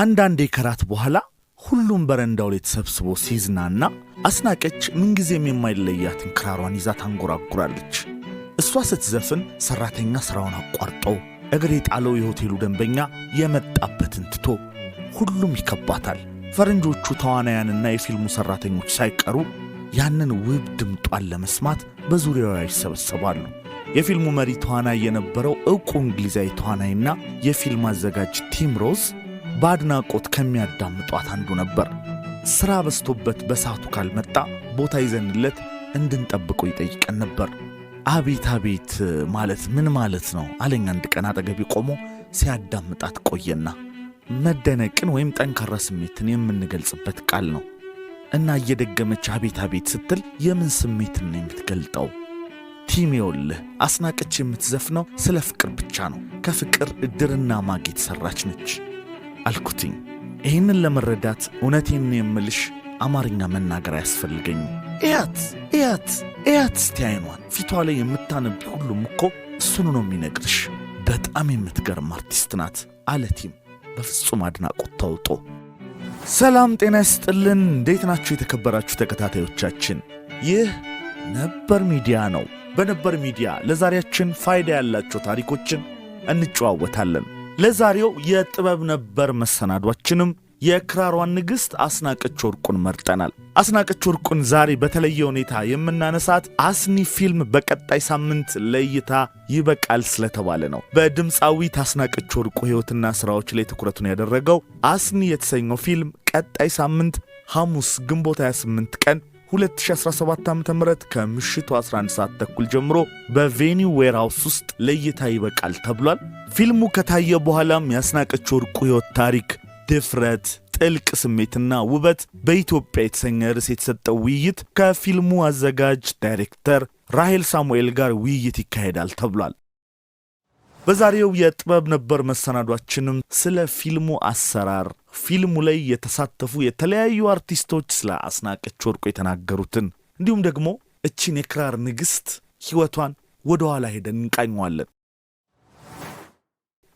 አንዳንዴ ከራት በኋላ ሁሉም በረንዳው ላይ ተሰብስቦ ሲዝናና አስናቀች ምንጊዜም የማይለያትን ክራሯን ይዛ ታንጎራጉራለች። እሷ ስትዘፍን ሠራተኛ ሥራውን አቋርጦ እግር የጣለው የሆቴሉ ደንበኛ የመጣበትን ትቶ ሁሉም ይከባታል። ፈረንጆቹ ተዋናያንና የፊልሙ ሠራተኞች ሳይቀሩ ያንን ውብ ድምጧን ለመስማት በዙሪያዋ ይሰበሰባሉ። የፊልሙ መሪ ተዋናይ የነበረው ዕውቁ እንግሊዛዊ ተዋናይና የፊልም አዘጋጅ ቲም ሮዝ በአድናቆት ከሚያዳምጧት አንዱ ነበር። ሥራ በዝቶበት በሰዓቱ ካልመጣ ቦታ ይዘንለት እንድንጠብቀው ይጠይቀን ነበር። አቤት አቤት ማለት ምን ማለት ነው አለኝ። አንድ ቀን አጠገቤ ቆሞ ሲያዳምጣት ቆየና መደነቅን ወይም ጠንካራ ስሜትን የምንገልጽበት ቃል ነው። እና እየደገመች አቤት አቤት ስትል የምን ስሜት ነው የምትገልጠው? ቲም ይኸውልህ፣ አስናቀች የምትዘፍነው ስለ ፍቅር ብቻ ነው። ከፍቅር እድርና ማግ የተሠራች ነች አልኩትኝ። ይህንን ለመረዳት እውነቴን ነው የምልሽ አማርኛ መናገር አያስፈልገኝም። እያት እያት እያት እስቲ አይኗን ፊቷ ላይ የምታነብ ሁሉም እኮ እሱኑ ነው የሚነግርሽ። በጣም የምትገርም አርቲስት ናት አለ ቲም በፍጹም አድናቆት ተውጦ። ሰላም ጤና ይስጥልን። እንዴት ናችሁ የተከበራችሁ ተከታታዮቻችን? ይህ ነበር ሚዲያ ነው። በነበር ሚዲያ ለዛሬያችን ፋይዳ ያላቸው ታሪኮችን እንጨዋወታለን። ለዛሬው የጥበብ ነበር መሰናዷችንም የክራሯን ንግሥት አስናቀች ወርቁን መርጠናል። አስናቀች ወርቁን ዛሬ በተለየ ሁኔታ የምናነሳት አስኒ ፊልም በቀጣይ ሳምንት ለእይታ ይበቃል ስለተባለ ነው። በድምፃዊት አስናቀች ወርቁ ሕይወትና ሥራዎች ላይ ትኩረቱን ያደረገው አስኒ የተሰኘው ፊልም ቀጣይ ሳምንት ሐሙስ ግንቦት 28 ቀን 2017 ዓ.ም ከምሽቱ 11 ሰዓት ተኩል ጀምሮ በቬኒው ዌርሃውስ ውስጥ ለእይታ ይበቃል ተብሏል። ፊልሙ ከታየ በኋላም ያስናቀች ወርቁ ሕይወት ታሪክ ድፍረት ጥልቅ ስሜትና ውበት በኢትዮጵያ የተሰኘ ርዕስ የተሰጠው ውይይት ከፊልሙ አዘጋጅ ዳይሬክተር ራሄል ሳሙኤል ጋር ውይይት ይካሄዳል ተብሏል። በዛሬው የጥበብ ነበር መሰናዷችንም ስለ ፊልሙ አሰራር፣ ፊልሙ ላይ የተሳተፉ የተለያዩ አርቲስቶች ስለ አስናቀች ወርቆ የተናገሩትን እንዲሁም ደግሞ እችን የክራር ንግሥት ሕይወቷን ወደኋላ ሄደን እንቃኘዋለን።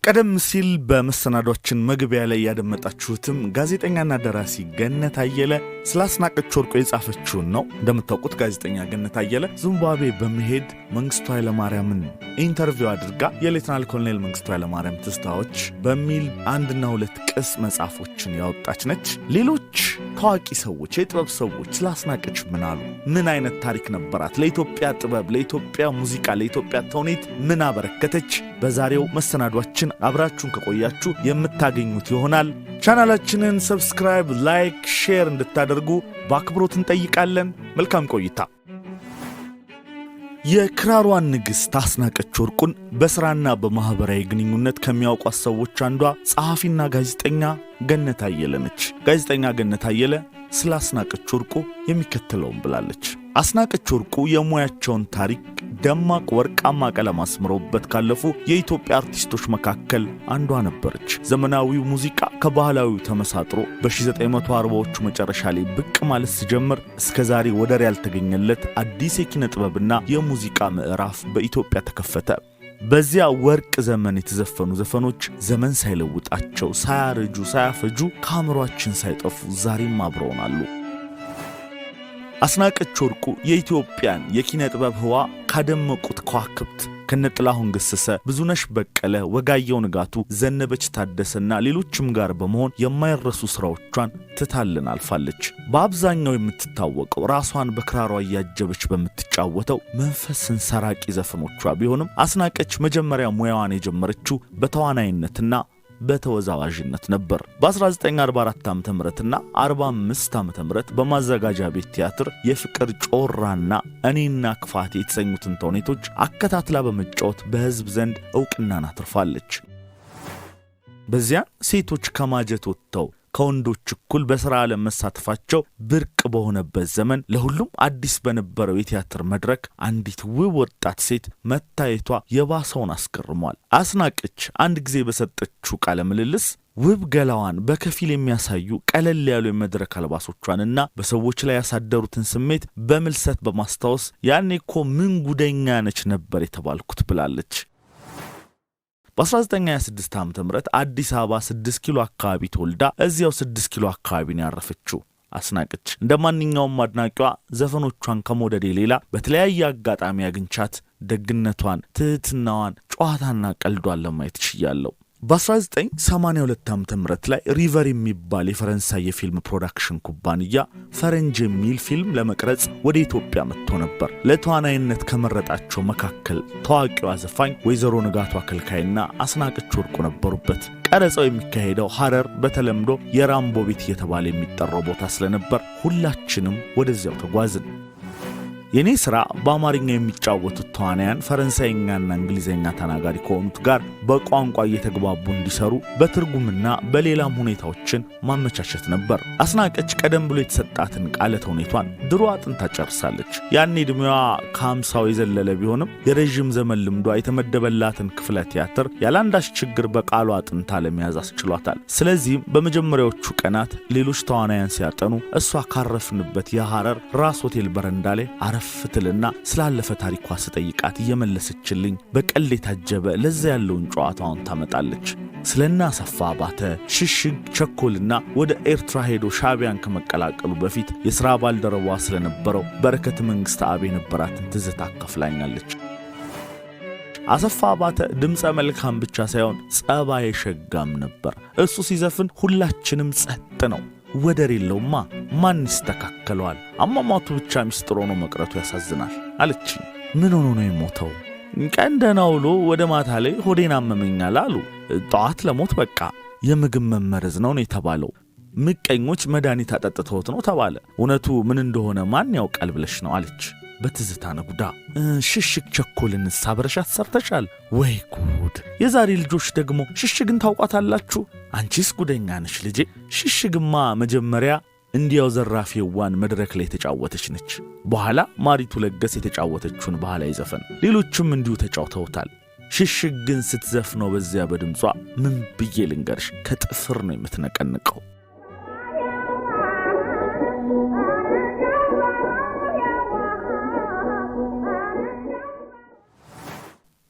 ቀደም ሲል በመሰናዷችን መግቢያ ላይ ያደመጣችሁትም ጋዜጠኛና ደራሲ ገነት አየለ ስለ አስናቀች ወርቆ የጻፈችውን ነው። እንደምታውቁት ጋዜጠኛ ገነት አየለ ዚምባብዌ በመሄድ መንግስቱ ኃይለማርያምን ኢንተርቪው አድርጋ የሌትናል ኮሎኔል መንግስቱ ኃይለማርያም ትዝታዎች በሚል አንድና ሁለት ቅስ መጽሐፎችን ያወጣች ነች። ሌሎች ታዋቂ ሰዎች፣ የጥበብ ሰዎች ስለ አስናቀች ምን አሉ? ምን አይነት ታሪክ ነበራት? ለኢትዮጵያ ጥበብ፣ ለኢትዮጵያ ሙዚቃ፣ ለኢትዮጵያ ተውኔት ምን አበረከተች? በዛሬው መሰናዷችን እያደረጋችሁን አብራችሁን ከቆያችሁ የምታገኙት ይሆናል። ቻናላችንን ሰብስክራይብ፣ ላይክ፣ ሼር እንድታደርጉ በአክብሮት እንጠይቃለን። መልካም ቆይታ። የክራሯን ንግሥት አስናቀች ወርቁን በሥራና በማኅበራዊ ግንኙነት ከሚያውቋት ሰዎች አንዷ ጸሐፊና ጋዜጠኛ ገነት አየለ ነች። ጋዜጠኛ ገነት አየለ ስለ አስናቀች ወርቁ የሚከተለውን ብላለች። አስናቀች ወርቁ የሙያቸውን ታሪክ ደማቅ ወርቃማ ቀለም አስምረውበት ካለፉ የኢትዮጵያ አርቲስቶች መካከል አንዷ ነበረች። ዘመናዊው ሙዚቃ ከባህላዊው ተመሳጥሮ በ1940ዎቹ መጨረሻ ላይ ብቅ ማለት ሲጀምር እስከ ዛሬ ወደር ያልተገኘለት አዲስ የኪነ ጥበብና የሙዚቃ ምዕራፍ በኢትዮጵያ ተከፈተ። በዚያ ወርቅ ዘመን የተዘፈኑ ዘፈኖች ዘመን ሳይለውጣቸው ሳያረጁ ሳያፈጁ ከአእምሯችን ሳይጠፉ ዛሬም አሉ። አስናቀች ወርቁ የኢትዮጵያን የኪነ ጥበብ ህዋ ካደመቁት ከዋክብት ከነጥላሁን ገሰሰ፣ ብዙነሽ በቀለ፣ ወጋየው ንጋቱ፣ ዘነበች ታደሰና ሌሎችም ጋር በመሆን የማይረሱ ስራዎቿን ትታልን አልፋለች። በአብዛኛው የምትታወቀው ራሷን በክራሯ እያጀበች በምትጫወተው መንፈስን ሰራቂ ዘፈኖቿ ቢሆንም አስናቀች መጀመሪያ ሙያዋን የጀመረችው በተዋናይነትና በተወዛዋዥነት ነበር። በ1944 ዓ ም እና 45 ዓ ም በማዘጋጃ ቤት ቲያትር የፍቅር ጮራና እኔና ክፋቴ የተሰኙትን ተውኔቶች አከታትላ በመጫወት በሕዝብ ዘንድ ዕውቅናን አትርፋለች። በዚያን ሴቶች ከማጀት ወጥተው ከወንዶች እኩል በሥራ ዓለም መሳተፋቸው ብርቅ በሆነበት ዘመን ለሁሉም አዲስ በነበረው የቲያትር መድረክ አንዲት ውብ ወጣት ሴት መታየቷ የባሰውን አስገርሟል። አስናቀች አንድ ጊዜ በሰጠችው ቃለ ምልልስ ውብ ገላዋን በከፊል የሚያሳዩ ቀለል ያሉ የመድረክ አልባሶቿንና በሰዎች ላይ ያሳደሩትን ስሜት በምልሰት በማስታወስ ያኔ እኮ ምን ጉደኛ ነች ነበር የተባልኩት ብላለች። በ1926 ዓ ም አዲስ አበባ 6 ኪሎ አካባቢ ተወልዳ እዚያው 6 ኪሎ አካባቢ ነው ያረፈችው። አስናቀች እንደ ማንኛውም አድናቂዋ ዘፈኖቿን ከመውደዴ ሌላ በተለያየ አጋጣሚ አግኝቻት ደግነቷን፣ ትህትናዋን፣ ጨዋታና ቀልዷን ለማየት ችያለሁ። በ1982 ዓ ም ላይ ሪቨር የሚባል የፈረንሳይ የፊልም ፕሮዳክሽን ኩባንያ ፈረንጅ የሚል ፊልም ለመቅረጽ ወደ ኢትዮጵያ መጥቶ ነበር። ለተዋናይነት ከመረጣቸው መካከል ታዋቂዋ ዘፋኝ ወይዘሮ ንጋቱ አከልካይና አስናቀች ወርቁ ነበሩበት። ቀረጸው የሚካሄደው ሐረር በተለምዶ የራምቦ ቤት እየተባለ የሚጠራው ቦታ ስለነበር ሁላችንም ወደዚያው ተጓዝን። የእኔ ሥራ በአማርኛ የሚጫወቱት ተዋናያን ፈረንሳይኛና እንግሊዝኛ ተናጋሪ ከሆኑት ጋር በቋንቋ እየተግባቡ እንዲሰሩ በትርጉምና በሌላም ሁኔታዎችን ማመቻቸት ነበር። አስናቀች ቀደም ብሎ የተሰጣትን ቃለ ተውኔቷን ድሮ አጥንታ ጨርሳለች። ያኔ ዕድሜዋ ከሀምሳው የዘለለ ቢሆንም የረዥም ዘመን ልምዷ የተመደበላትን ክፍለ ቲያትር ያለአንዳች ችግር በቃሉ አጥንታ ለመያዝ አስችሏታል። ስለዚህም በመጀመሪያዎቹ ቀናት ሌሎች ተዋናያን ሲያጠኑ እሷ ካረፍንበት የሐረር ራስ ሆቴል በረንዳ ላይ አረ አረፍ ትልና ስላለፈ ታሪኳ ስጠይቃት እየመለሰችልኝ በቀል የታጀበ ለዛ ያለውን ጨዋታውን ታመጣለች። ስለና አሰፋ አባተ ሽሽግ ቸኮልና ወደ ኤርትራ ሄዶ ሻቢያን ከመቀላቀሉ በፊት የሥራ ባልደረቧ ስለነበረው በረከት መንግሥት አብ የነበራትን ትዝታ አካፍላኛለች። አሰፋ አባተ ድምፀ መልካም ብቻ ሳይሆን ጸባየ ሸጋም ነበር። እሱ ሲዘፍን ሁላችንም ጸጥ ነው። ወደር የለውማ ማን ይስተካከለዋል? አሟሟቱ ብቻ ሚስጥር ሆኖ መቅረቱ ያሳዝናል አለችኝ። ምን ሆኖ ነው የሞተው? ቀን ደህና ውሎ ወደ ማታ ላይ ሆዴን አመመኛል አሉ። ጠዋት ለሞት በቃ የምግብ መመረዝ ነው ነው የተባለው። ምቀኞች መድኃኒት አጠጥተውት ነው ተባለ። እውነቱ ምን እንደሆነ ማን ያውቃል ብለሽ ነው አለች። በትዝታ ነጉዳ ሽሽግ ቸኮልን ሳበረሻት ሰርተሻል ወይ ጉድ! የዛሬ ልጆች ደግሞ ሽሽግን ታውቋታላችሁ? አንቺስ ጉደኛ ነሽ ልጄ። ሽሽግማ መጀመሪያ እንዲያው ዘራፊዋን መድረክ ላይ የተጫወተች ነች። በኋላ ማሪቱ ለገስ የተጫወተችውን ባህላዊ ዘፈን ሌሎችም እንዲሁ ተጫውተውታል። ሽሽግ ግን ስትዘፍነው በዚያ በድምጿ ምን ብዬ ልንገርሽ፣ ከጥፍር ነው የምትነቀንቀው።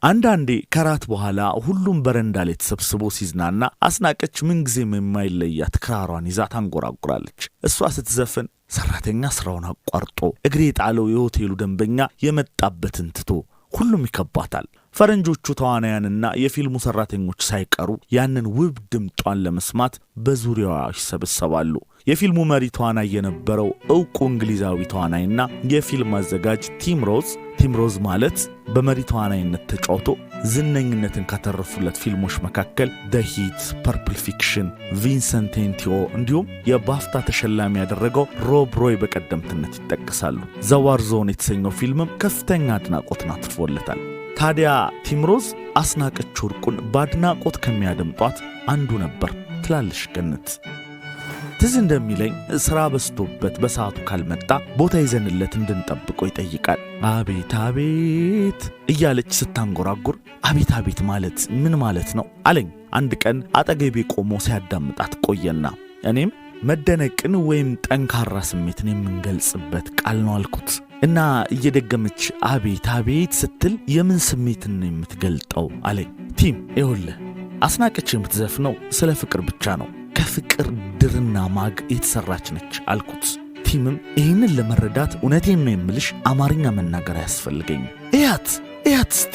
አንዳንዴ ከራት በኋላ ሁሉም በረንዳ ላይ ተሰብስቦ ሲዝናና አስናቀች ምንጊዜም የማይለያት ክራሯን ይዛ ታንጎራጉራለች። እሷ ስትዘፍን ሰራተኛ ስራውን አቋርጦ እግር የጣለው የሆቴሉ ደንበኛ የመጣበትን ትቶ ሁሉም ይከባታል። ፈረንጆቹ ተዋናያንና የፊልሙ ሰራተኞች ሳይቀሩ ያንን ውብ ድምጧን ለመስማት በዙሪያዋ ይሰበሰባሉ። የፊልሙ መሪ ተዋናይ የነበረው እውቁ እንግሊዛዊ ተዋናይና የፊልም አዘጋጅ ቲም ሮዝ ሮዝ ማለት በመሪ ተዋናይነት ተጫውቶ ዝነኝነትን ካተረፉለት ፊልሞች መካከል ደሂት፣ ፐርፕል ፊክሽን፣ ቪንሰንቴንቲዮ እንዲሁም የባፍታ ተሸላሚ ያደረገው ሮብ ሮይ በቀደምትነት ይጠቀሳሉ። ዘዋር ዞን የተሰኘው ፊልምም ከፍተኛ አድናቆትን አትርፎለታል። ታዲያ ሮዝ አስናቀች ወርቁን በአድናቆት ከሚያደምጧት አንዱ ነበር ትላለሽ ገነት። ትዝ እንደሚለኝ ስራ በስቶበት በሰዓቱ ካልመጣ ቦታ ይዘንለት እንድንጠብቆ ይጠይቃል። አቤት አቤት እያለች ስታንጎራጉር አቤት አቤት ማለት ምን ማለት ነው አለኝ። አንድ ቀን አጠገቤ ቆሞ ሲያዳምጣት ቆየና እኔም መደነቅን ወይም ጠንካራ ስሜትን የምንገልጽበት ቃል ነው አልኩት እና እየደገመች አቤት አቤት ስትል የምን ስሜትን ነው የምትገልጠው አለኝ። ቲም ይኸውልህ አስናቀች የምትዘፍነው ስለ ፍቅር ብቻ ነው። ከፍቅር ድርና ማግ የተሰራች ነች አልኩት። ቲምም ይህንን ለመረዳት እውነቴን ነው የምልሽ አማርኛ መናገር አያስፈልገኝም። እያት እያት እስቲ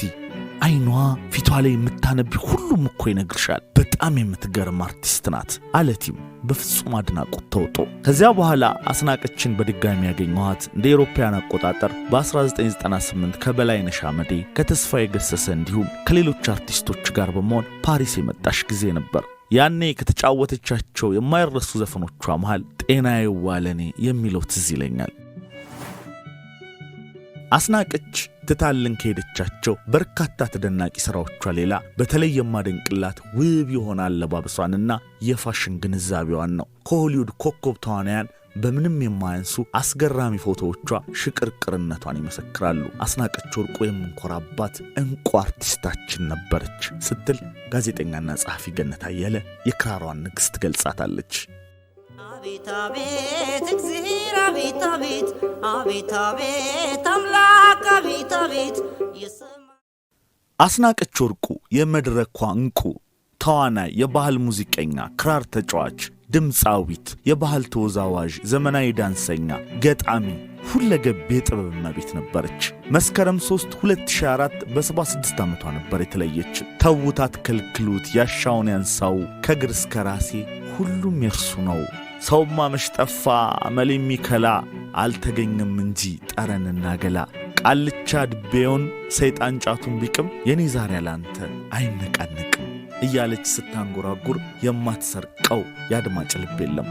አይኗ ፊቷ ላይ የምታነቢ ሁሉም እኮ ይነግርሻል። በጣም የምትገርም አርቲስት ናት አለ ቲም በፍጹም አድናቆት ተውጦ። ከዚያ በኋላ አስናቀችን በድጋሚ ያገኘኋት እንደ ኤሮፓያን አቆጣጠር በ1998 ከበላይነሽ አመዴ፣ ከተስፋዬ ገሰሰ እንዲሁም ከሌሎች አርቲስቶች ጋር በመሆን ፓሪስ የመጣሽ ጊዜ ነበር። ያኔ ከተጫወተቻቸው የማይረሱ ዘፈኖቿ መሃል ጤና ይዋለኔ የሚለው ትዝ ይለኛል። አስናቀች ትታልን ከሄደቻቸው በርካታ ተደናቂ ሥራዎቿ ሌላ በተለይ የማደንቅላት ውብ የሆነ አለባበሷንና የፋሽን ግንዛቤዋን ነው። ከሆሊውድ ኮከብ ተዋናያን በምንም የማያንሱ አስገራሚ ፎቶዎቿ ሽቅርቅርነቷን ይመሰክራሉ። አስናቀች ወርቁ የምንኮራባት እንቁ አርቲስታችን ነበረች ስትል ጋዜጠኛና ጸሐፊ ገነት አየለ የክራሯን ንግሥት ትገልጻታለች። አቤት አቤት አቤት አቤት አቤት አቤት አምላክ አቤት አቤት አስናቀች ወርቁ የመድረኳ እንቁ ተዋናይ፣ የባህል ሙዚቀኛ፣ ክራር ተጫዋች ድምፃዊት፣ የባህል ተወዛዋዥ፣ ዘመናዊ ዳንሰኛ፣ ገጣሚ ሁለገብ የጥበብ እመቤት ነበረች። መስከረም 3 2004 በ76 ዓመቷ ነበር የተለየች። ተዉታት ከልክሉት፣ ያሻውን ያንሳው፣ ከግር እስከ ራሴ ሁሉም የእርሱ ነው። ሰውማ መሽጠፋ አመል የሚከላ አልተገኘም እንጂ ጠረንና ገላ ቃልቻ ድቤውን ሰይጣን ጫቱን ቢቅም የኔ ዛሬ ያላንተ አይነቃንቅ እያለች ስታንጎራጉር የማትሰርቀው የአድማጭ ልብ የለም።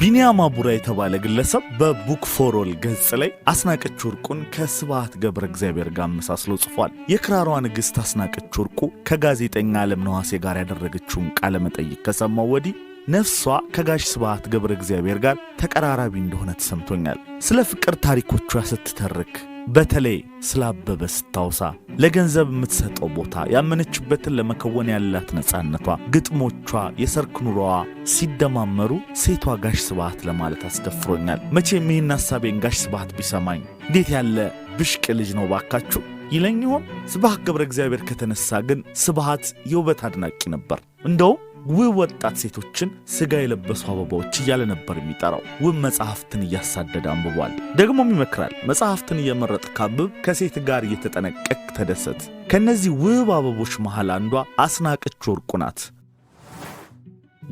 ቢኒያም አቡራ የተባለ ግለሰብ በቡክ ፎሮል ገጽ ላይ አስናቀች ወርቁን ከስብሃት ገብረ እግዚአብሔር ጋር አመሳስሎ ጽፏል። የክራሯ ንግሥት አስናቀች ወርቁ ከጋዜጠኛ ዓለም ነዋሴ ጋር ያደረገችውን ቃለ መጠይቅ ከሰማው ወዲህ ነፍሷ ከጋሽ ስብሃት ገብረ እግዚአብሔር ጋር ተቀራራቢ እንደሆነ ተሰምቶኛል። ስለ ፍቅር ታሪኮቿ ስትተርክ በተለይ ስላበበ ስታውሳ ለገንዘብ የምትሰጠው ቦታ፣ ያመነችበትን ለመከወን ያላት ነፃነቷ፣ ግጥሞቿ፣ የሰርክ ኑሮዋ ሲደማመሩ ሴቷ ጋሽ ስብሐት ለማለት አስደፍሮኛል። መቼም ይህን ሐሳቤን ጋሽ ስብሐት ቢሰማኝ እንዴት ያለ ብሽቅ ልጅ ነው ባካችሁ ይለኝ ይሆን? ስብሐት ገብረ እግዚአብሔር ከተነሳ ግን ስብሐት የውበት አድናቂ ነበር እንደውም ውብ ወጣት ሴቶችን ስጋ የለበሱ አበባዎች እያለ ነበር የሚጠራው። ውብ መጽሐፍትን እያሳደደ አንብቧል። ደግሞም ይመክራል፣ መጽሐፍትን እየመረጥ ካብብ፣ ከሴት ጋር እየተጠነቀቅ ተደሰት። ከእነዚህ ውብ አበቦች መሃል አንዷ አስናቀች ወርቁ ናት።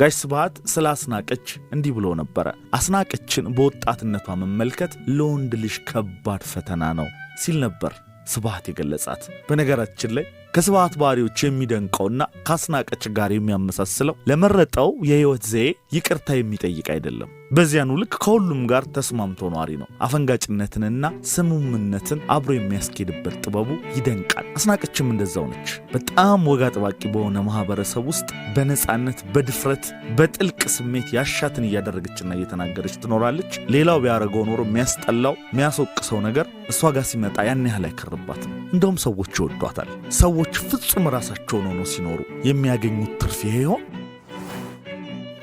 ጋሽ ስብሃት ስለ አስናቀች እንዲህ ብሎ ነበረ። አስናቀችን በወጣትነቷ መመልከት ለወንድ ልጅ ከባድ ፈተና ነው ሲል ነበር ስብሃት የገለጻት። በነገራችን ላይ ከስብሐት ባህሪዎች የሚደንቀውና ካስናቀች ጋር የሚያመሳስለው ለመረጠው የሕይወት ዘዬ ይቅርታ የሚጠይቅ አይደለም። በዚያኑ ልክ ከሁሉም ጋር ተስማምቶ ኗሪ ነው። አፈንጋጭነትንና ስምምነትን አብሮ የሚያስኬድበት ጥበቡ ይደንቃል። አስናቀችም እንደዛው ነች። በጣም ወግ አጥባቂ በሆነ ማህበረሰብ ውስጥ በነፃነት በድፍረት በጥልቅ ስሜት ያሻትን እያደረገችና እየተናገረች ትኖራለች። ሌላው ቢያደርገው ኖሮ የሚያስጠላው የሚያስወቅሰው ነገር እሷ ጋር ሲመጣ ያን ያህል አይከርባትም። እንደውም ሰዎች ይወዷታል። ሰዎች ፍጹም ራሳቸውን ሆኖ ሲኖሩ የሚያገኙት ትርፍ ይሄ ይሆን?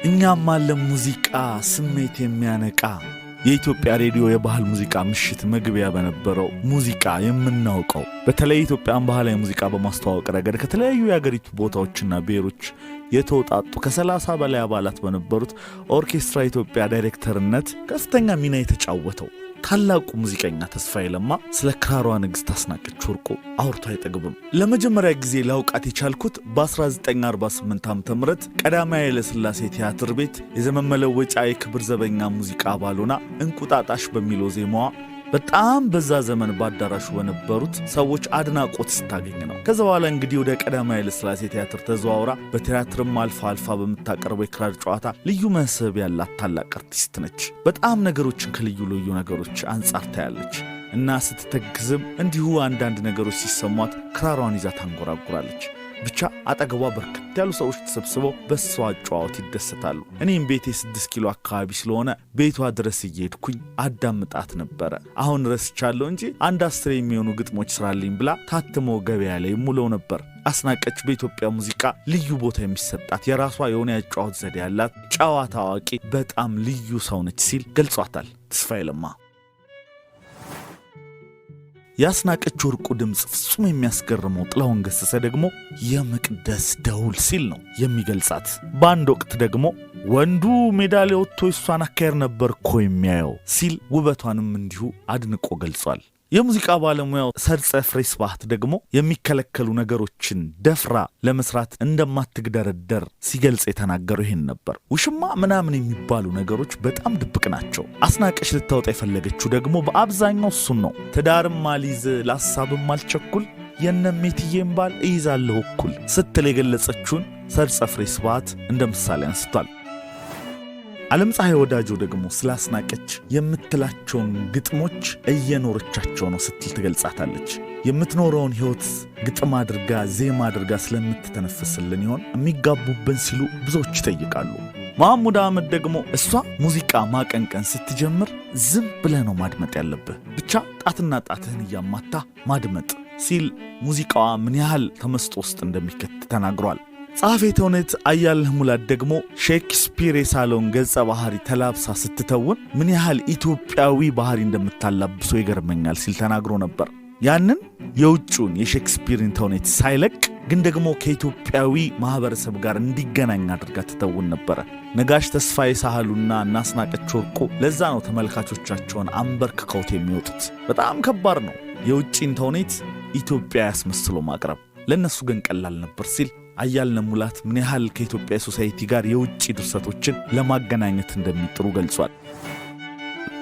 እኛም አለን ሙዚቃ ስሜት የሚያነቃ የኢትዮጵያ ሬዲዮ የባህል ሙዚቃ ምሽት መግቢያ በነበረው ሙዚቃ የምናውቀው በተለይ የኢትዮጵያን ባህላዊ ሙዚቃ በማስተዋወቅ ረገድ ከተለያዩ የአገሪቱ ቦታዎችና ብሔሮች የተውጣጡ ከ30 በላይ አባላት በነበሩት ኦርኬስትራ ኢትዮጵያ ዳይሬክተርነት ከፍተኛ ሚና የተጫወተው ታላቁ ሙዚቀኛ ተስፋዬ ለማ ስለ ክራሯ ንግሥት አስናቀች ወርቁ አውርቶ አይጠግብም። ለመጀመሪያ ጊዜ ላውቃት የቻልኩት በ1948 ዓ ም ቀዳማዊ ኃይለሥላሴ ቲያትር ቤት የዘመን መለወጫ የክብር ዘበኛ ሙዚቃ አባል ሆና እንቁጣጣሽ በሚለው ዜማዋ በጣም በዛ ዘመን በአዳራሹ በነበሩት ሰዎች አድናቆት ስታገኝ ነው። ከዛ በኋላ እንግዲህ ወደ ቀዳማዊ ኃይለ ሥላሴ ቲያትር ተዘዋውራ በቲያትርም አልፋ አልፋ በምታቀርበው የክራር ጨዋታ ልዩ መስህብ ያላት ታላቅ አርቲስት ነች። በጣም ነገሮችን ከልዩ ልዩ ነገሮች አንጻር ታያለች እና ስትተግዝም እንዲሁ አንዳንድ ነገሮች ሲሰሟት ክራሯን ይዛ ታንጎራጉራለች። ብቻ አጠገቧ በርከት ያሉ ሰዎች ተሰብስበው በሷ ጨዋወት ይደሰታሉ። እኔም ቤቴ ስድስት ኪሎ አካባቢ ስለሆነ ቤቷ ድረስ እየሄድኩኝ አዳምጣት ነበረ። አሁን ረስቻለሁ እንጂ አንድ አስር የሚሆኑ ግጥሞች ስራልኝ ብላ ታትሞ ገበያ ላይ ሙለው ነበር። አስናቀች በኢትዮጵያ ሙዚቃ ልዩ ቦታ የሚሰጣት የራሷ የሆነ ያጫወት ዘዴ ያላት ጨዋታ አዋቂ፣ በጣም ልዩ ሰው ነች ሲል ገልጿታል ተስፋዬ ለማ። ያስናቀች ወርቁ ድምፅ ፍጹም የሚያስገርመው ጥላሁን ገሰሰ ደግሞ የመቅደስ ደውል ሲል ነው የሚገልጻት። በአንድ ወቅት ደግሞ ወንዱ ሜዳሊያ ወጥቶ እሷን አካሄድ ነበር እኮ የሚያየው ሲል ውበቷንም እንዲሁ አድንቆ ገልጿል። የሙዚቃ ባለሙያው ሰርጸ ፍሬስባት ደግሞ የሚከለከሉ ነገሮችን ደፍራ ለመስራት እንደማትግደረደር ሲገልጽ የተናገረው ይህን ነበር። ውሽማ ምናምን የሚባሉ ነገሮች በጣም ድብቅ ናቸው። አስናቀሽ ልታወጣ የፈለገችው ደግሞ በአብዛኛው እሱን ነው። ትዳርም አልይዝ ለሀሳብም አልቸኩል የነሜትዬም ባል እይዛለሁ እኩል ስትል የገለጸችውን ሰርጸ ፍሬስባት እንደ ምሳሌ አንስቷል። ዓለም ፀሐይ ወዳጁ ደግሞ ስላስናቀች የምትላቸውን ግጥሞች እየኖረቻቸው ነው ስትል ትገልጻታለች። የምትኖረውን ሕይወት ግጥም አድርጋ ዜማ አድርጋ ስለምትተነፍስልን ይሆን የሚጋቡብን ሲሉ ብዙዎች ይጠይቃሉ። መሐሙድ አህመድ ደግሞ እሷ ሙዚቃ ማቀንቀን ስትጀምር ዝም ብለህ ነው ማድመጥ ያለብህ፣ ብቻ ጣትና ጣትህን እያማታ ማድመጥ ሲል ሙዚቃዋ ምን ያህል ተመስጦ ውስጥ እንደሚከት ተናግሯል። ጸሐፌ ተውኔት አያልነህ ሙላት ደግሞ ሼክስፒር የሳለውን ገጸ ባህሪ ተላብሳ ስትተውን ምን ያህል ኢትዮጵያዊ ባህሪ እንደምታላብሶ ይገርመኛል ሲል ተናግሮ ነበር። ያንን የውጭውን የሼክስፒርን ተውኔት ሳይለቅ ግን ደግሞ ከኢትዮጵያዊ ማህበረሰብ ጋር እንዲገናኝ አድርጋ ትተውን ነበረ። ነጋሽ ተስፋዬ ሳህሉና እናስናቀች ወርቁ ለዛ ነው ተመልካቾቻቸውን አንበርክከውት የሚወጡት። በጣም ከባድ ነው የውጭን ተውኔት ኢትዮጵያ ያስመስሎ ማቅረብ፣ ለእነሱ ግን ቀላል ነበር ሲል አያልነ ሙላት ምን ያህል ከኢትዮጵያ ሶሳይቲ ጋር የውጭ ድርሰቶችን ለማገናኘት እንደሚጥሩ ገልጿል።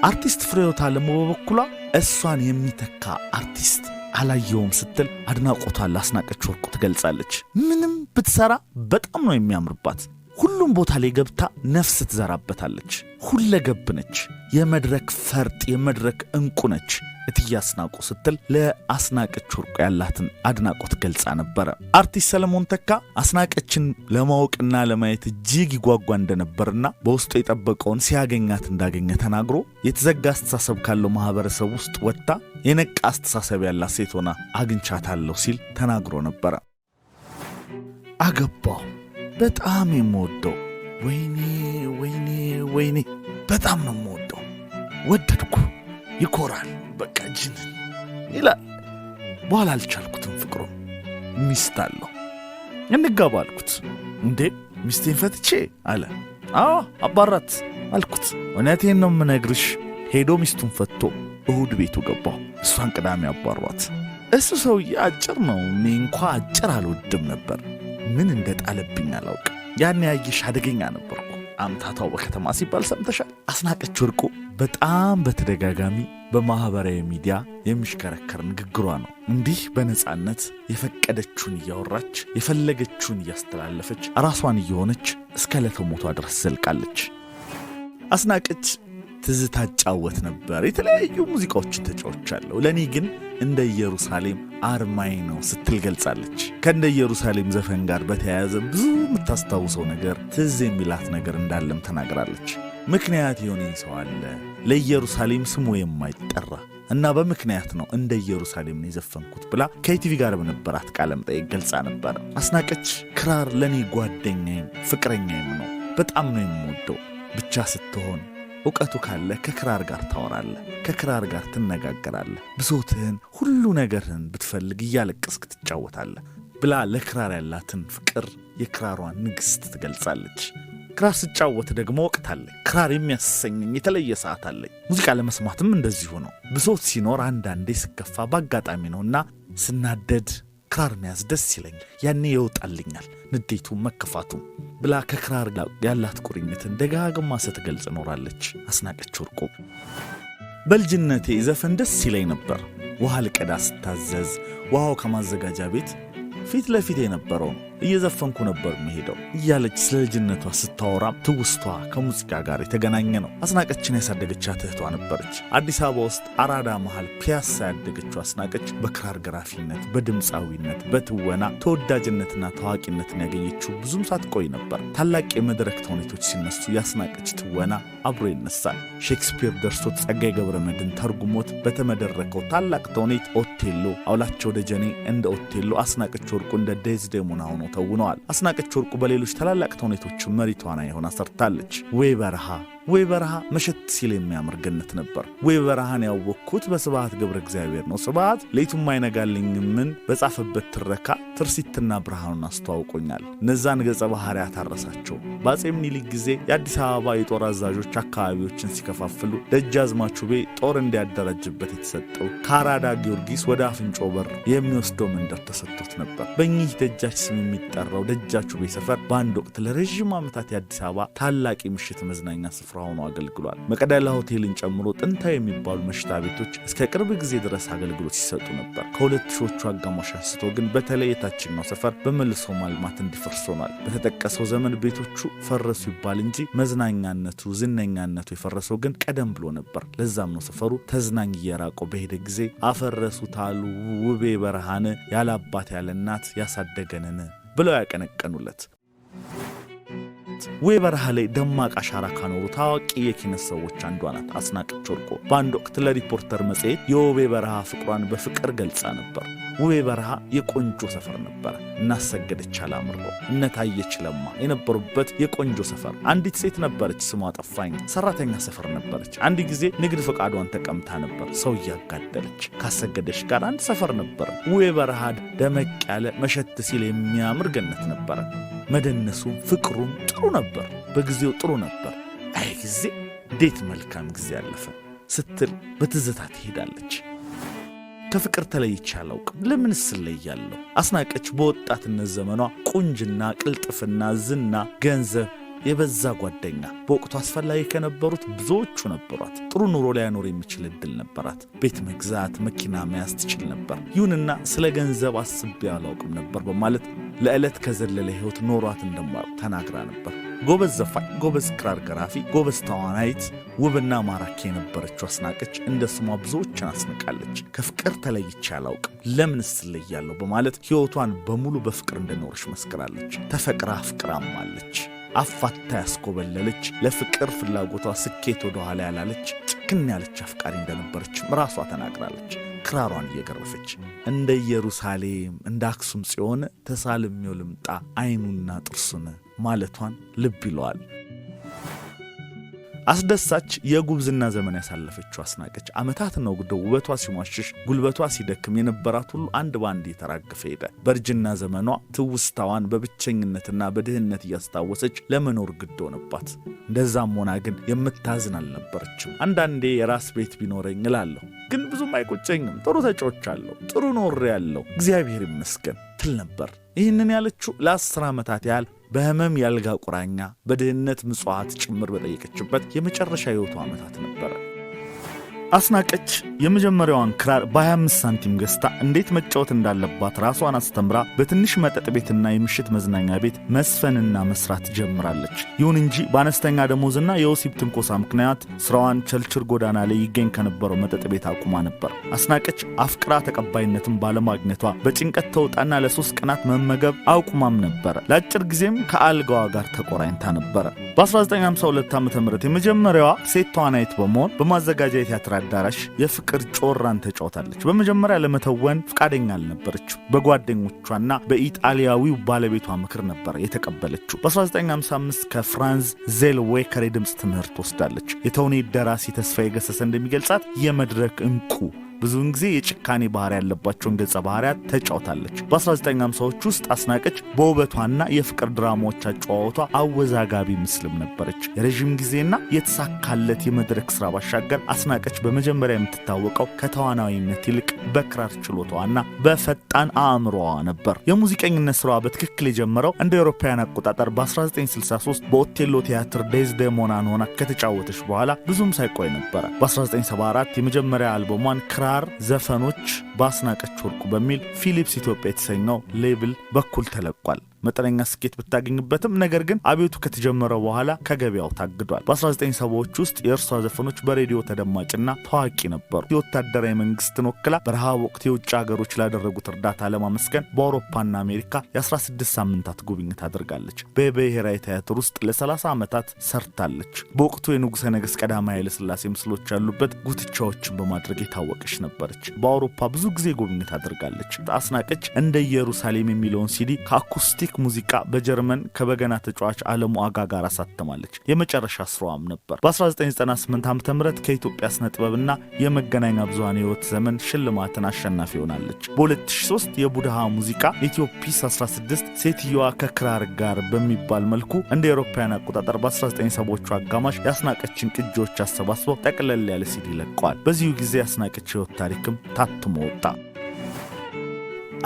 አርቲስት ፍሬሕይወት ለሞ በበኩሏ እሷን የሚተካ አርቲስት አላየውም ስትል አድናቆቷን ላስናቀች ወርቁ ትገልጻለች። ምንም ብትሰራ በጣም ነው የሚያምርባት። ሁሉም ቦታ ላይ ገብታ ነፍስ ትዘራበታለች። ገብ ነች። የመድረክ ፈርጥ፣ የመድረክ እንቁ ነች። እትዬ አስናቁ ስትል ለአስናቀች ወርቁ ያላትን አድናቆት ገልጻ ነበረ። አርቲስት ሰለሞን ተካ አስናቀችን ለማወቅና ለማየት እጅግ ይጓጓ እንደነበርና በውስጡ የጠበቀውን ሲያገኛት እንዳገኘ ተናግሮ የተዘጋ አስተሳሰብ ካለው ማህበረሰብ ውስጥ ወጥታ የነቃ አስተሳሰብ ያላት ሴት ሆና አግኝቻታለሁ ሲል ተናግሮ ነበረ። አገባሁ በጣም የምወደው ወይኔ ወይኔ ወይኔ በጣም ነው የምወደው ወደድኩ ይኮራል። በቃ ጅንን ይላል። በኋላ አልቻልኩትም። ፍቅሩን ሚስት አለው እንጋባ አልኩት። እንዴ ሚስቴን ፈትቼ አለ። አዎ አባራት አልኩት። እውነቴን ነው የምነግርሽ። ሄዶ ሚስቱን ፈቶ እሁድ ቤቱ ገባሁ። እሷን ቅዳሜ አባሯት። እሱ ሰውዬ አጭር ነው። እኔ እንኳ አጭር አልወድም ነበር። ምን እንደ ጣለብኝ አላውቅ። ያን ያየሽ አደገኛ ነበር። አምታታው በከተማ ሲባል ሰምተሻል? አስናቀች ወርቁ በጣም በተደጋጋሚ በማኅበራዊ ሚዲያ የሚሽከረከር ንግግሯ ነው። እንዲህ በነፃነት የፈቀደችውን እያወራች የፈለገችውን እያስተላለፈች ራሷን እየሆነች እስከ ዕለተ ሞቷ ድረስ ዘልቃለች። አስናቀች ትዝታ እጫወት ነበር። የተለያዩ ሙዚቃዎች ተጫወቻለሁ። ለእኔ ግን እንደ ኢየሩሳሌም አርማዬ ነው ስትል ገልጻለች። ከእንደ ኢየሩሳሌም ዘፈን ጋር በተያያዘ ብዙ የምታስታውሰው ነገር፣ ትዝ የሚላት ነገር እንዳለም ተናግራለች። ምክንያት የሆነኝ ሰው አለ ለኢየሩሳሌም ስሙ የማይጠራ እና በምክንያት ነው እንደ ኢየሩሳሌም ነው የዘፈንኩት ብላ ከኢቲቪ ጋር በነበራት ቃለ መጠይቅ ገልጻ ነበር። አስናቀች ክራር ለእኔ ጓደኛዬም ፍቅረኛዬም ነው። በጣም ነው የምወደው ብቻ ስትሆን እውቀቱ ካለ ከክራር ጋር ታወራለህ፣ ከክራር ጋር ትነጋገራለህ። ብሶትህን፣ ሁሉ ነገርህን ብትፈልግ እያለቀስክ ትጫወታለህ ብላ ለክራር ያላትን ፍቅር የክራሯን ንግሥት ትገልጻለች። ክራር ስጫወት ደግሞ ወቅት አለኝ። ክራር የሚያሰኘኝ የተለየ ሰዓት አለኝ። ሙዚቃ ለመስማትም እንደዚሁ ነው። ብሶት ሲኖር አንዳንዴ ስከፋ በአጋጣሚ ነውና ስናደድ ክራር መያዝ ደስ ይለኛል፣ ያኔ ይወጣልኛል ንዴቱ መከፋቱ ብላ ከክራር ጋር ያላት ቁርኝትን ደጋግማ ስትገልጽ ኖራለች አስናቀች ወርቁ። በልጅነቴ ዘፈን ደስ ይለኝ ነበር። ውሃ ልቀዳ ስታዘዝ ውሃው ከማዘጋጃ ቤት ፊት ለፊት የነበረው ነው። እየዘፈንኩ ነበር መሄደው እያለች ስለ ልጅነቷ ስታወራም ትውስቷ ከሙዚቃ ጋር የተገናኘ ነው። አስናቀችን ያሳደገቻት እህቷ ነበረች። አዲስ አበባ ውስጥ አራዳ መሃል ፒያሳ ያደገችው አስናቀች በክራር ግራፊነት፣ በድምፃዊነት፣ በትወና ተወዳጅነትና ታዋቂነትን ያገኘችው ብዙም ሳትቆይ ነበር። ታላቅ የመድረክ ተውኔቶች ሲነሱ የአስናቀች ትወና አብሮ ይነሳል። ሼክስፒር ደርሶት ጸጋዬ ገብረ መድን ተርጉሞት በተመደረከው ታላቅ ተውኔት ኦቴሎ አውላቸው ደጀኔ እንደ ኦቴሎ፣ አስናቀች ወርቁ እንደ ዴዝዴሞና ሆኖ ተውነዋል። አስናቀች ወርቁ በሌሎች ታላላቅ ተውኔቶች መሪ ተዋናይ ሆና ሰርታለች። ወይ በረሃ ወይ በረሃ መሸት ሲል የሚያምር ገነት ነበር። ወይ በረሃን ያወቅኩት በስብሐት ገብረ እግዚአብሔር ነው። ስብሐት ሌቱም አይነጋልኝምን በጻፈበት ትረካ ትርሲትና ብርሃኑን አስተዋውቆኛል። እነዛን ገጸ ባህርያት አረሳቸው። በአፄ ምኒልክ ጊዜ የአዲስ አበባ የጦር አዛዦች አካባቢዎችን ሲከፋፍሉ ደጃዝማች ውቤ ጦር እንዲያደራጅበት የተሰጠው ከአራዳ ጊዮርጊስ ወደ አፍንጮ በር የሚወስደው መንደር ተሰጥቶት ነበር። በእኚህ ደጃች ስም የሚጠራው ደጃች ውቤ ሰፈር በአንድ ወቅት ለረዥም ዓመታት የአዲስ አበባ ታላቅ የምሽት መዝናኛ ስፍራ ስፍራ ሆኖ አገልግሏል። መቅደላ ሆቴልን ጨምሮ ጥንታዊ የሚባሉ መሽታ ቤቶች እስከ ቅርብ ጊዜ ድረስ አገልግሎት ሲሰጡ ነበር። ከሁለት ሺዎቹ አጋማሽ አንስቶ ግን በተለይ የታችኛው ሰፈር በመልሶ ማልማት እንዲፈርስ ሆኗል። በተጠቀሰው ዘመን ቤቶቹ ፈረሱ ይባል እንጂ መዝናኛነቱ፣ ዝነኛነቱ የፈረሰው ግን ቀደም ብሎ ነበር። ለዛም ነው ሰፈሩ ተዝናኝ እየራቀው በሄደ ጊዜ አፈረሱታሉ ውቤ በረሃን ያለ አባት ያለ እናት ያሳደገንን ብለው ያቀነቀኑለት። ወይ በረሃ ላይ ደማቅ አሻራ ካኖሩ ታዋቂ የኪነት ሰዎች አንዷ ናት አስናቀች ወርቆ በአንድ ወቅት ለሪፖርተር መጽሔት የወቤ በረሃ ፍቅሯን በፍቅር ገልጻ ነበር። ውቤ በረሃ የቆንጆ ሰፈር ነበረ። እናሰገደች አላምሮ፣ እነታየች ለማ የነበሩበት የቆንጆ ሰፈር አንዲት ሴት ነበረች፣ ስሟ ጠፋኝ። ሰራተኛ ሰፈር ነበረች። አንድ ጊዜ ንግድ ፈቃዷን ተቀምታ ነበር፣ ሰው እያጋደለች ካሰገደች ጋር አንድ ሰፈር ነበር ውቤ በረሃ ደመቅ ያለ መሸት ሲል የሚያምር ገነት ነበረ። መደነሱም ፍቅሩም ጥሩ ነበር፣ በጊዜው ጥሩ ነበር። አይ ጊዜ እንዴት መልካም ጊዜ አለፈ ስትል በትዝታ ትሄዳለች። ከፍቅር ተለይቼ አላውቅም። ለምን ስለያለሁ? አስናቀች በወጣትነት ዘመኗ ቁንጅና፣ ቅልጥፍና፣ ዝና፣ ገንዘብ የበዛ ጓደኛ በወቅቱ አስፈላጊ ከነበሩት ብዙዎቹ ነበሯት። ጥሩ ኑሮ ሊያኖር የሚችል እድል ነበራት። ቤት መግዛት፣ መኪና መያዝ ትችል ነበር። ይሁንና ስለ ገንዘብ አስቤ አላውቅም ነበር በማለት ለዕለት ከዘለለ ሕይወት ኖሯት እንደማያውቅ ተናግራ ነበር። ጎበዝ ዘፋኝ፣ ጎበዝ ክራር ገራፊ፣ ጎበዝ ተዋናይት፣ ውብና ማራኪ የነበረችው አስናቀች እንደ ስሟ ብዙዎችን አስንቃለች። ከፍቅር ተለይቼ አላውቅም ለምን ስለያለሁ በማለት ሕይወቷን በሙሉ በፍቅር እንደኖረች መስክራለች። ተፈቅራ አፍቅራማለች። አፋታ ያስኮበለለች፣ ለፍቅር ፍላጎቷ ስኬት ወደኋላ ያላለች ጭክን ያለች አፍቃሪ እንደነበረችም ራሷ ተናግራለች። ክራሯን እየገረፈች እንደ ኢየሩሳሌም እንደ አክሱም ጽዮን ተሳልሜው ልምጣ አይኑና ጥርሱን ማለቷን ልብ ይለዋል። አስደሳች የጉብዝና ዘመን ያሳለፈችው አስናቀች ዓመታት ነው ግዶ ውበቷ ሲሟሽሽ ጉልበቷ ሲደክም የነበራት ሁሉ አንድ በአንድ እየተራገፈ ሄደ። በእርጅና ዘመኗ ትውስታዋን በብቸኝነትና በድህነት እያስታወሰች ለመኖር ግድ ሆነባት። እንደዛም ሆና ግን የምታዝን አልነበረችም። አንዳንዴ የራስ ቤት ቢኖረኝ እላለሁ፣ ግን ብዙም አይቆጨኝም። ጥሩ ተጫዎች አለው፣ ጥሩ ኖሬ ያለው እግዚአብሔር ይመስገን ትል ነበር። ይህንን ያለችው ለአስር ዓመታት ያህል በህመም ያልጋ ቁራኛ በድህነት ምጽዋት ጭምር በጠየቀችበት የመጨረሻ ሕይወቱ ዓመታት ነበረ። አስናቀች የመጀመሪያዋን ክራር በ25 ሳንቲም ገዝታ እንዴት መጫወት እንዳለባት ራሷን አስተምራ በትንሽ መጠጥ ቤትና የምሽት መዝናኛ ቤት መስፈንና መስራት ጀምራለች። ይሁን እንጂ በአነስተኛ ደሞዝና የወሲብ ትንኮሳ ምክንያት ስራዋን ቸልችር ጎዳና ላይ ይገኝ ከነበረው መጠጥ ቤት አቁማ ነበር። አስናቀች አፍቅራ ተቀባይነትን ባለማግኘቷ በጭንቀት ተውጣና ለሶስት ቀናት መመገብ አቁማም ነበረ። ለአጭር ጊዜም ከአልጋዋ ጋር ተቆራኝታ ነበረ። በ1952 ዓ ም የመጀመሪያዋ ሴት ተዋናይት በመሆን በማዘጋጃ የቲያትራ አዳራሽ የፍቅር ጮራን ተጫውታለች። በመጀመሪያ ለመተወን ፈቃደኛ አልነበረችው። በጓደኞቿና በኢጣሊያዊው ባለቤቷ ምክር ነበር የተቀበለችው። በ1955 ከፍራንዝ ዜል ዌከር የድምፅ ትምህርት ወስዳለች። የተውኔት ደራሲ ተስፋዬ ገሰሰ እንደሚገልጻት የመድረክ እንቁ ብዙውን ጊዜ የጭካኔ ባህሪ ያለባቸውን ገጸ ባህሪያት ተጫውታለች። በ1950ዎች ውስጥ አስናቀች በውበቷና የፍቅር ድራማዎች አጨዋወቷ አወዛጋቢ ምስልም ነበረች። የረዥም ጊዜና የተሳካለት የመድረክ ስራ ባሻገር አስናቀች በመጀመሪያ የምትታወቀው ከተዋናዊነት ይልቅ በክራር ችሎታዋና በፈጣን አእምሮዋ ነበር። የሙዚቀኝነት ስራዋ በትክክል የጀመረው እንደ አውሮፓውያን አቆጣጠር በ1963 በኦቴሎ ቲያትር ዴዝዴሞናን ሆና ከተጫወተች በኋላ ብዙም ሳይቆይ ነበረ። በ1974 የመጀመሪያ አልበሟን ክራር ክራር ዘፈኖች በአስናቀች ወርቁ በሚል ፊሊፕስ ኢትዮጵያ የተሰኘው ሌብል በኩል ተለቋል። መጠነኛ ስኬት ብታገኝበትም ነገር ግን አቤቱ ከተጀመረ በኋላ ከገበያው ታግዷል። በ19 ሰባዎች ውስጥ የእርሷ ዘፈኖች በሬዲዮ ተደማጭና ታዋቂ ነበሩ። የወታደራዊ መንግስትን ወክላ በረሃብ ወቅት የውጭ ሀገሮች ላደረጉት እርዳታ ለማመስገን በአውሮፓና አሜሪካ የ16 ሳምንታት ጉብኝት አድርጋለች። በብሔራዊ ቲያትር ውስጥ ለ30 ዓመታት ሰርታለች። በወቅቱ የንጉሠ ነገሥት ቀዳማዊ ኃይለሥላሴ ምስሎች ያሉበት ጉትቻዎችን በማድረግ የታወቀች ነበረች። በአውሮፓ ብዙ ብዙ ጊዜ ጉብኝት አድርጋለች። አስናቀች እንደ ኢየሩሳሌም የሚለውን ሲዲ ከአኩስቲክ ሙዚቃ በጀርመን ከበገና ተጫዋች አለሙ አጋ ጋር አሳትማለች። የመጨረሻ ስራዋም ነበር። በ1998 ዓ ም ከኢትዮጵያ ስነ ጥበብና የመገናኛ ብዙሃን ህይወት ዘመን ሽልማትን አሸናፊ ሆናለች። በ2003 የቡድሃ ሙዚቃ ኢትዮፒስ 16 ሴትየዋ ከክራር ጋር በሚባል መልኩ እንደ አውሮፓውያን አቆጣጠር በ1970ዎቹ አጋማሽ የአስናቀችን ቅጂዎች አሰባስበው ጠቅለል ያለ ሲዲ ለቀዋል። በዚሁ ጊዜ ያስናቀች ህይወት ታሪክም ታትሞ ወጣ።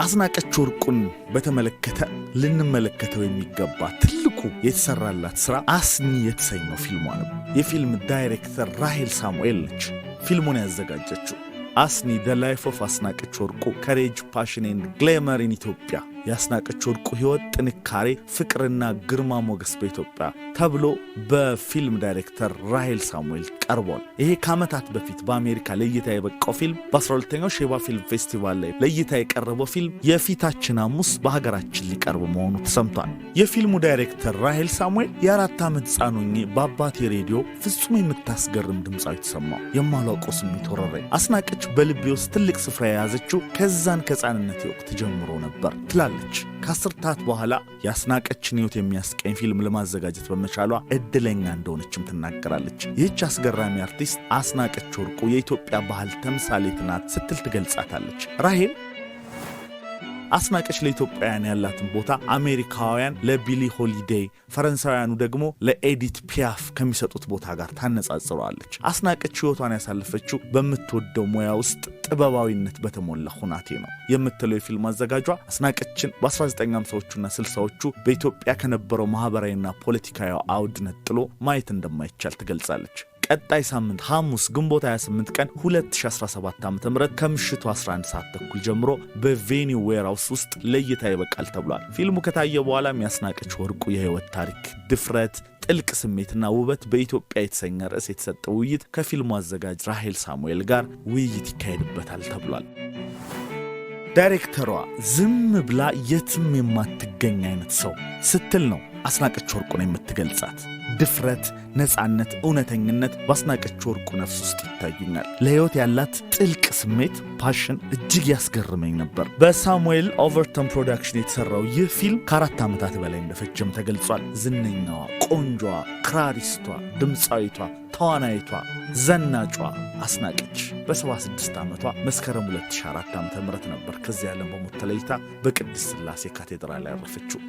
አስናቀች ወርቁን በተመለከተ ልንመለከተው የሚገባ ትልቁ የተሰራላት ስራ አስኒ የተሰኘው ፊልሟ ነው። የፊልም ዳይሬክተር ራሄል ሳሙኤል ነች ፊልሙን ያዘጋጀችው። አስኒ ደ ላይፍ ኦፍ አስናቀች ወርቁ ከሬጅ ፓሽን ኤንድ ግሌመር ኢን ኢትዮጵያ ያስናቀችው እርቁ ሕይወት ጥንካሬ፣ ፍቅርና ግርማ ሞገስ በኢትዮጵያ ተብሎ በፊልም ዳይሬክተር ራሄል ሳሙኤል ቀርቧል። ይሄ ከዓመታት በፊት በአሜሪካ ለእይታ የበቃው ፊልም በ12ኛው ሼባ ፊልም ፌስቲቫል ላይ ለእይታ የቀረበው ፊልም የፊታችን ሐሙስ በሀገራችን ሊቀርብ መሆኑ ተሰምቷል። የፊልሙ ዳይሬክተር ራሄል ሳሙኤል የአራት ዓመት ሕፃን ሆኜ በአባቴ ሬዲዮ ፍጹም የምታስገርም ድምፃዊ ተሰማው። የማላውቀው ስሜት ወረረኝ። አስናቀች በልቤ ውስጥ ትልቅ ስፍራ የያዘችው ከዛን ከሕፃንነት ወቅት ጀምሮ ነበር ትላል ትችላለች። ከአስርታት በኋላ የአስናቀችን ህይወት የሚያስቀኝ ፊልም ለማዘጋጀት በመቻሏ እድለኛ እንደሆነችም ትናገራለች። ይህች አስገራሚ አርቲስት አስናቀች ወርቁ የኢትዮጵያ ባህል ተምሳሌት ናት ስትል ትገልጻታለች። ራሄል አስናቀች ለኢትዮጵያውያን ያላትን ቦታ አሜሪካውያን ለቢሊ ሆሊዴይ፣ ፈረንሳውያኑ ደግሞ ለኤዲት ፒያፍ ከሚሰጡት ቦታ ጋር ታነጻጽረዋለች። አስናቀች ህይወቷን ያሳለፈችው በምትወደው ሙያ ውስጥ ጥበባዊነት በተሞላ ሁናቴ ነው የምትለው የፊልም አዘጋጇ አስናቀችን በ1950ዎቹና 60ዎቹ በኢትዮጵያ ከነበረው ማህበራዊና ፖለቲካዊ አውድ ነጥሎ ማየት እንደማይቻል ትገልጻለች። ቀጣይ ሳምንት ሐሙስ ግንቦት 28 ቀን 2017 ዓ ም ከምሽቱ 11 ሰዓት ተኩል ጀምሮ በቬኒው ዌርሃውስ ውስጥ ለእይታ ይበቃል ተብሏል። ፊልሙ ከታየ በኋላ የሚያስናቀች ወርቁ የህይወት ታሪክ፣ ድፍረት ጥልቅ ስሜትና ውበት በኢትዮጵያ የተሰኘ ርዕስ የተሰጠ ውይይት ከፊልሙ አዘጋጅ ራሄል ሳሙኤል ጋር ውይይት ይካሄድበታል ተብሏል። ዳይሬክተሯ ዝም ብላ የትም የማትገኝ አይነት ሰው ስትል ነው አስናቀች ወርቁን የምትገልጻት ድፍረት፣ ነፃነት፣ እውነተኝነት በአስናቀች ወርቁ ነፍስ ውስጥ ይታዩኛል። ለሕይወት ያላት ጥልቅ ስሜት ፓሽን እጅግ ያስገርመኝ ነበር። በሳሙኤል ኦቨርተን ፕሮዳክሽን የተሰራው ይህ ፊልም ከአራት ዓመታት በላይ እንደፈጀም ተገልጿል። ዝነኛዋ፣ ቆንጆዋ፣ ክራሪስቷ፣ ድምፃዊቷ ተዋናይቷ ዘናጯ አስናቀች በ76 ዓመቷ መስከረም 2004 ዓ ም ነበር ከዚህ ዓለም በሞት ተለይታ በቅድስት ሥላሴ ካቴድራል ያረፈችው።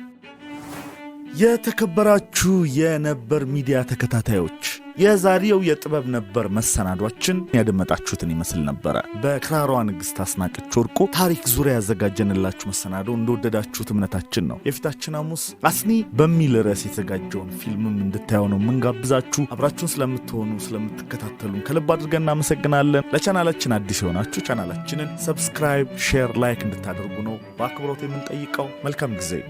የተከበራችሁ የነበር ሚዲያ ተከታታዮች የዛሬው የጥበብ ነበር መሰናዷችን ያደመጣችሁትን ይመስል ነበረ። በክራሯ ንግሥት አስናቀች ወርቁ ታሪክ ዙሪያ ያዘጋጀንላችሁ መሰናዶ እንደወደዳችሁት እምነታችን ነው። የፊታችን ሐሙስ አስኒ በሚል ርዕስ የተዘጋጀውን ፊልምም እንድታየው ነው የምንጋብዛችሁ። አብራችሁን ስለምትሆኑ ስለምትከታተሉን ከልብ አድርገን እናመሰግናለን። ለቻናላችን አዲስ የሆናችሁ ቻናላችንን ሰብስክራይብ፣ ሼር፣ ላይክ እንድታደርጉ ነው በአክብሮት የምንጠይቀው። መልካም ጊዜ